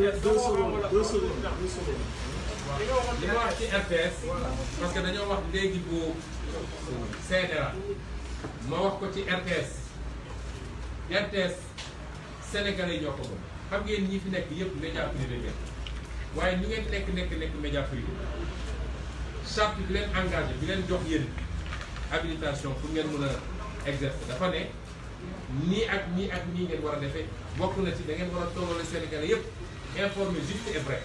li nga wax ci RTS. parce que dañoo wax léegi bu CDA. ma wax ko ci RTS. RTS sénégalais yi ñoo ko moom xam ngeen ñi fi nekk yëpp média privé ngeen waaye ñu ngeen nekk nekk nekk média privé charte bi leen engagé bi leen jox yéen habilitation pour ngeen mën a exercer dafa ne. nii ak nii ak nii ngeen war a defee bokk na ci da ngeen war a tolloole Sénégalais yépp informé juste et vrai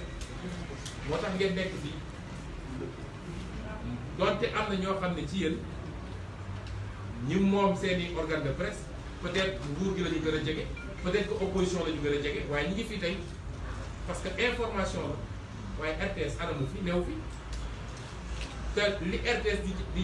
moo tax ngeen nekk fii donte am na ñoo xam ne ci yéen ñi moom seeni organe de presse peut-être nguur gi la ñu gën a jege peut-être que opposition la gën a jege waaye ñi ngi fii tey parce que information la waaye RTS anamu fi néew fi te li RTS di di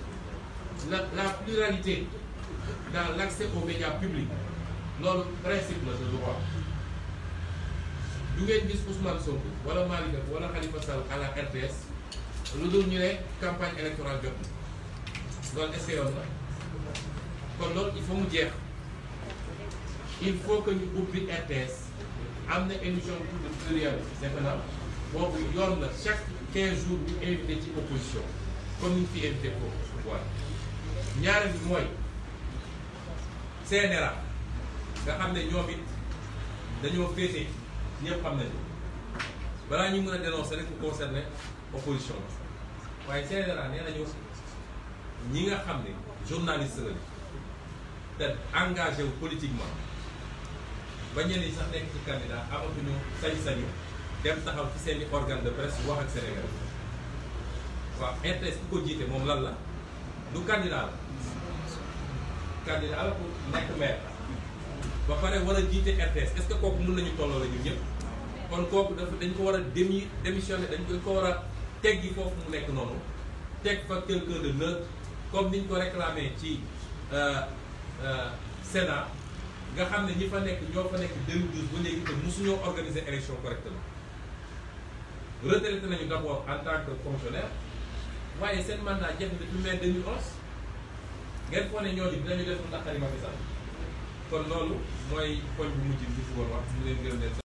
la, la pluralité dans l'accès aux médias publics notre principe de droit du ngeen gis Ousmane Sonko wala Malika, voilà wala Khalifa Sall à la RTS nous dul ñu campagne électorale jot na loolu est kon il faut nous dire, il faut que ñu ubbi RTS amener une émission publique plurielle C'est naa boobu yoon la chaque 15 jours une petite opposition comme une ñu fi pouvoir ñaare bi mooy CNRA nga xam ñoom it dañoo féete ñëpp xam nañu balaa ñu nga journaliste engagé politiquement ba ñenn sax nekk ci candidat amatuñu sañ-sañu dem taxaw ci seeni organe de presse wax ak Sénégal ko du candidat la candidat la pour nekk maire ba pare war a jiite RTS est-ce que kooku mën nañu tolloo la ñun ñëpp kon kooku dafa dañ ko war a démi démissionné dañ ko ko war a teggi foofu mu nekk noonu teg fa quelqu'un de neutre comme niñ ko réclamé ci euh, euh, Sénat nga xam ne ñi fa nekk ñoo fa nekk 2012 ba léegi te mosuñoo organiser élection na retraité nañu d'abord en tant que fonctionnaire waaye seen mandat jeex na depuis mai 2011 ngeen foog ne ñooñu dinañu def lu naqari Macky Sall kon loolu mooy poñ bu mujj bi ñu bëggoon wax ñu leen gërëm